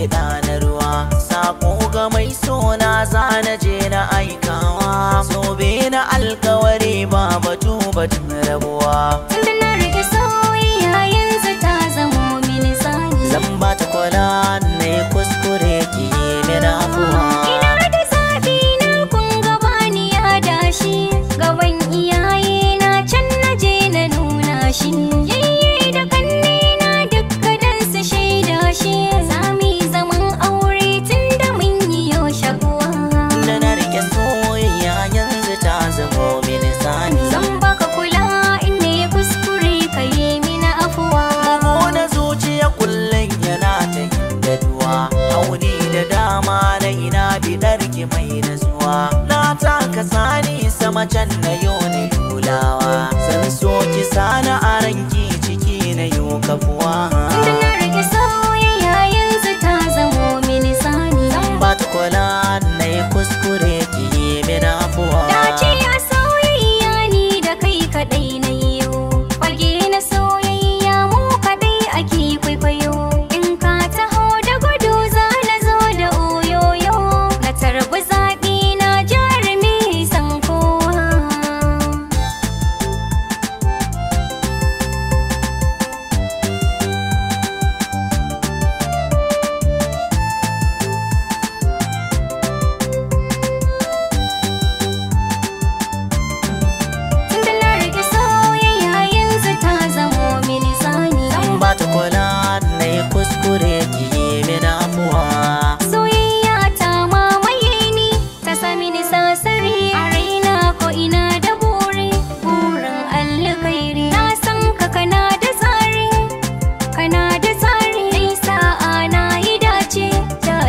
shimfiɗa na ruwa sako ga mai sona zana je na aika macen na yoni kulawa san so ki sana a ranki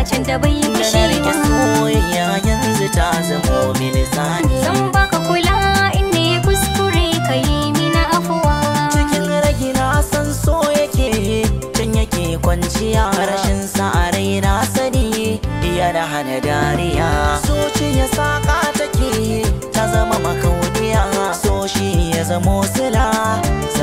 macen da bai fushi ba. Tana soyayya yanzu ta zamo mini tsani. Zan baka kula inda ya kuskure ka yi mina afuwa. Cikin rage na san so yake can yake kwanciya rashin sa a rai na sani yana hana dariya. Zuciya saƙa take ta zama makauniya so shi ya zamo sila.